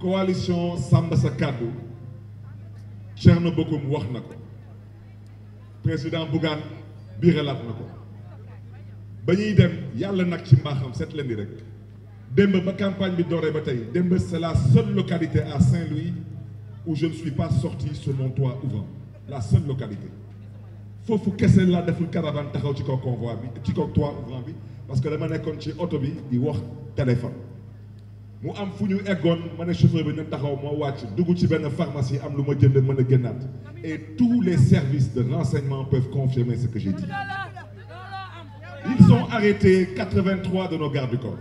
coalition sàmm sa kàddu Thierno Bocoum wax na ko président Bougane biiralaat na ko ba ñuy dem yàlla nag ci mbaaxam seet leen di rek démb ba campagne bi dooree ba tey démb c'est la seule localité à Saint-Louis ou je ne suis pas sorti sur mon toit ouvrant la seule localité foofu kese laa deful caravane taxaw ci kaw convoi bi ci kaw toit ouvrant bi parce que dama nekkoon ci oto bi di wax téléphone mu am fu ñu eggoon ma ne taxaw moo wàcc dugg ci benn pharmacie am lu ma jënd mën a génnaat et tous les services de renseignement peuvent confirmer ce que j'ai dit ils ont arrêté 83 de nos gardes-corps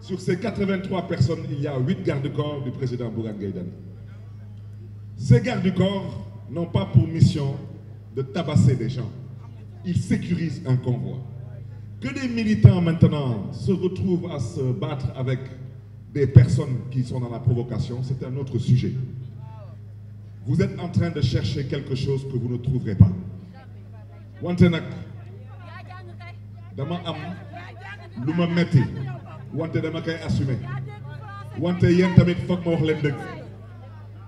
sur ces 83 personnes il y a 8 gardes-corps du mission de tabasser des gens ils que des militants maintenant se retrouvent à se battre avec des personnes qui sont dans la provocation, c'est un autre sujet. Vous êtes en train de chercher quelque chose que vous ne trouverez pas. wante nag dama am lu ma metti wante dama koy assumer wante yéen tamit foog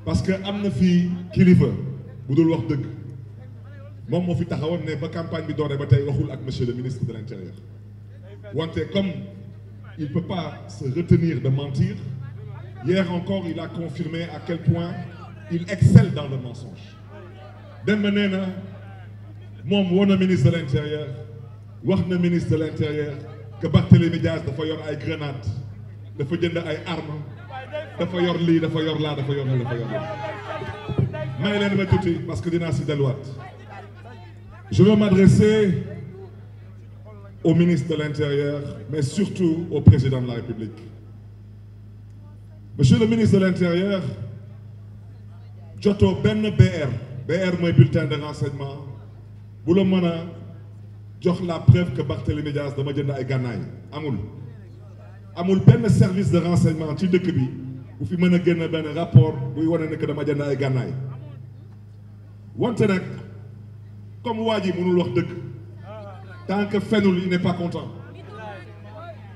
parce que am na fi kilifa bu dul wax dëgg moom moo fi taxawoon ne ba campagne bi dooree ba tey waxul ak monsieur le ministre de l'intérieur wante comme il peut pas se retenir de mentir hier encore il a confirmé à quel point il excelle dans le mensonge dem ba nee na moom woo na ministre de l'intérieur wax na ministre de l'intérieur que Barthélémy Diaz dafa yor ay grenade dafa jënd ay arme dafa yor lii dafa yor laa dafa yor lii dafa yor laa may leen ma tuuti parce que dinaa si delluwaat Je veux m'adresser au ministre de l'Intérieur, mais surtout au président de la République. Monsieur le ministre de l'Intérieur, jotoo benn BR BR mooy bulletin de renseignement bu la mën a jox la preuve que Barthélémy Dias dama jënd ay gànnaay amul amul benn service de renseignement ci dëkk bi bu fi mën a génn benn rapport buy wane ne que dama jënd ay gànnaay wante nag comme waa ji mënul wax dëgg tant que fenul il n'est pas content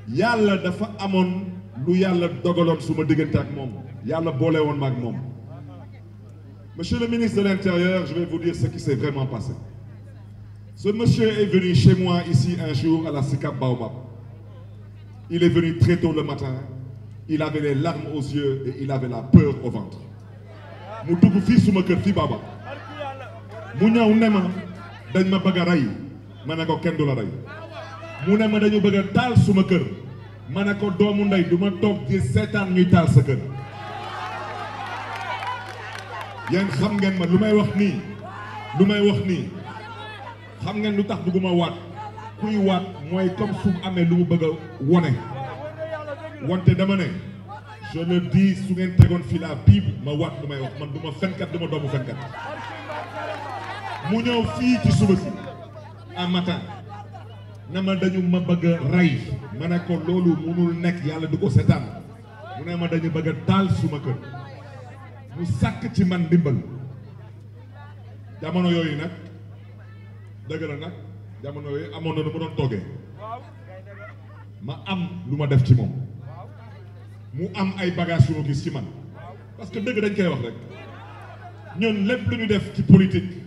yàlla dafa amoon lu yàlla dogaloon suma diggante ak yàlla boole woon ma ak moom monsieur le ministre de l'intérieur je vais vous dire ce qui s'est vraiment passé ce monsieur est venu chez moi ici un jour à la Sicap Baobab il est venu très tôt le matin il avait les larmes aux yeux et il avait la peur au ventre mu dugg fii suma kër fii Baobab mu ñëw ne ma dañ ma bëgg a rey ma ne ko kenn du la rey mu ne ma dañu bëgg a taal suma kër ma ne ko doomu ndey du ma toog ci seetaan ñuy taal sa kër yéen xam ngeen ma lu may wax nii lu may wax nii xam ngeen lu tax dugguma waat kuy waat mooy comme su amee lu mu bëgg a wone wante dama ne je di su ngeen tegoon fii la Bible ma waat lu may wax man du ma fenkat du doomu fenkat mu ñëw fii ci suba si à matin na ma dañu ma bëgg a rey ma ne ko loolu munul nekk yàlla du ko seetaan mu ne ma dañu bëgg a taal suma kër mu sàkk ci man ndimbal jamono yooyu nag dëgg la nag jamono yooyu amoon na lu ma doon toggee ma am lu ma def ci moom mu am ay bagages yu ci man parce que dëgg dañ koy wax rek ñun lépp lu ñu def ci politique.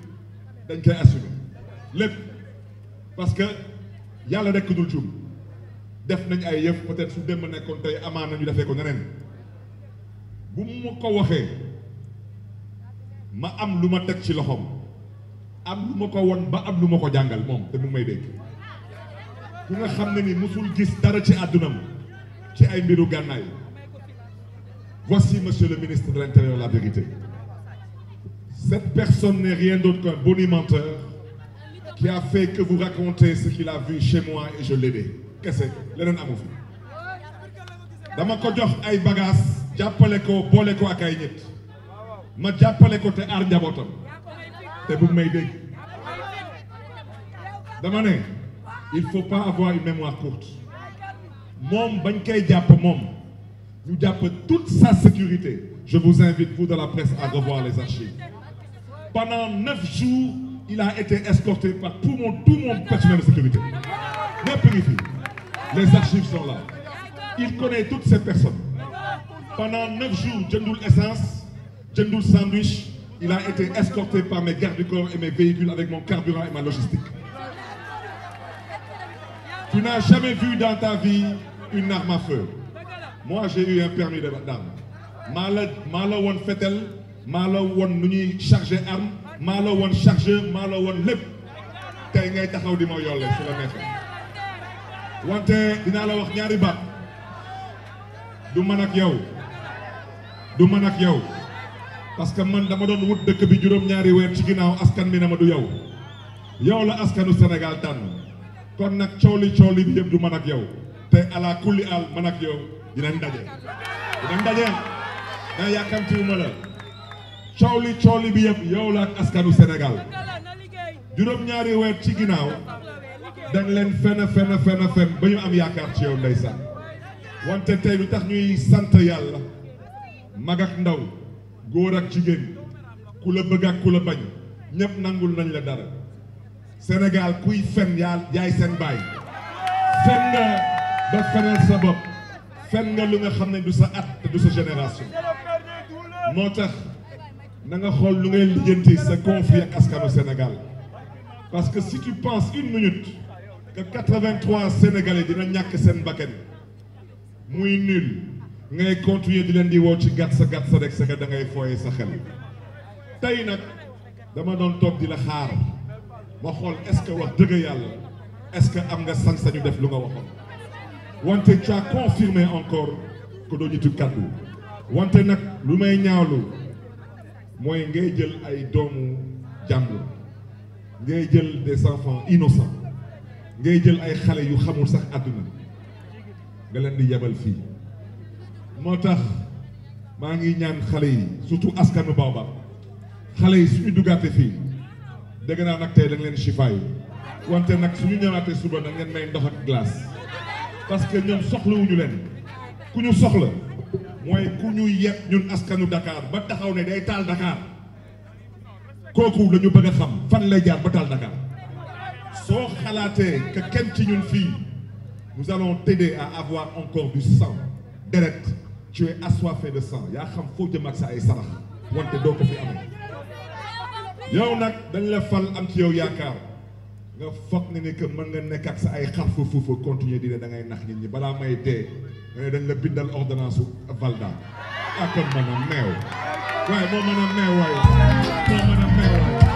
dañ koy assumer lépp parce que yàlla rekk dul juum def nañ ay yëf peut-être su nekkoon tey amaan nañu defee ko neneen bu mu ko waxee ma am lu ma teg ci loxoom am lu ma ko won ba ab lu ma ko jàngal moom te mu may dégg ku nga xam ne ni musul gis dara ci àddunam ci ay mbiru gànnaay voici monsieur le ministre de l'intérieur la vérité Cette personne n'est rien d'autre qu'un bonimenteur qui a fait que vous racontez ce qu'il a vu chez moi et je l'ai que leneen amu fi dama ko jox ay bagages jàppale ko boole ko ak ma jàppale ko te aar njabootam te bu may dégg ne il faut pas avoir une mémoire courte moom bañ koy jàpp moom ñu jàpp toute sa sécurité je vous invite vous de la presse à revoir les archives Pendant neuf jours, il a été escorté par tout mon, tout mon personnel de sécurité. Les archives sont là. Il connaît toutes ces personnes. Pendant neuf jours, Djendoul Essence, Djendoul Sandwich, il a été escorté par mes gardes corps et mes véhicules avec mon carburant et ma logistique. Tu n'as jamais vu dans ta vie une arme à Moi, j'ai eu un permis d'armes. Mala Won Fetel, maa la woon nu ñuy chargé arme maalo la woon chargeur maa la woon lépp tey ngay taxaw di ma yolle su la neexee wante dinaa la wax ñaari baat du mën ak yow du mën ak yow parce que man dama doon wut dëkk bi juróom-ñaari weer ci ginnaaw askan mi ne ma du yow yow la askanu Sénégal tànn kon nag cooli cooli bi yëpp du mën ak yow te ala kulli al man ak yow dina daje dinañ daje mais yàkkamtiwuma la coow li coow li bi yëpp yow la ak askanu Sénégal juróom-ñaari weer ci ginnaaw dañ leen fen fen fen fen ba ñu am yaakaar ci yow ndeysaan wante tey lu tax ñuy sant yàlla mag ak ndaw góor ak jigéen ku la bëgg ak ku la bañ ñëpp nangul nañ la dara Sénégal kuy fen yaa yaay seen baay fen nga ba fenal sa fen nga lu nga xam ne du sa at du sa génération moo tax na nga xool lu ngay lijjanti sa conflit ak askanu Sénégal parce que si tu penses une minute que 83 Sénégalais dina ñàkk seen bakkan muy nul ngay continuer di leen di woo ci gàtt sa gàtt sa rek sa da ngay fooye sa xel tey nag dama doon toog di la xaar ma xool est-ce que wax dëgg yàlla est-ce que am nga san sañu def lu nga waxoon wante tu as confirmé encore que doo ñitu kàddu wante nag lu may ñaawlu mooy ngay jël ay doomu jàmbur ngay jël de des enfants innocents ngay jël ay xale yu xamul sax àdduna nga leen di yebal fii moo tax maa ngi ñaan xale yi surtout askanu Baobab xale yi suñu duggaate fii dégg naa nag tey da nga leen chifaayu wante nag suñu ñëwaatee suba da ngeen may ndox ak glace parce que ñoom soxlawuñu leen ku ñu soxla mooy ku ñu yeb ñun askanu Dakar ba taxaw ne day taal Dakar kooku la ñu bëgg a xam fan lay jaar ba taal Dakar soo xalaatee que kenn ci ñun fii mu allons t'aider à avoir encore du sang deret tu es assoiffé de sang yaa xam foo jëm ak sa ay sarax wante doo ko fi amee yow nag dañ la fal am ci yow yaakaar nga foog ne ni que mën nga nekk ak sa ay xarfu fuufa continuer di ne da ngay nax nit ñi balaa may dee mais eh, dañ la bindal ordonnance su Valda. ah kon maanaam meew waaye moo maanaam meew waaye.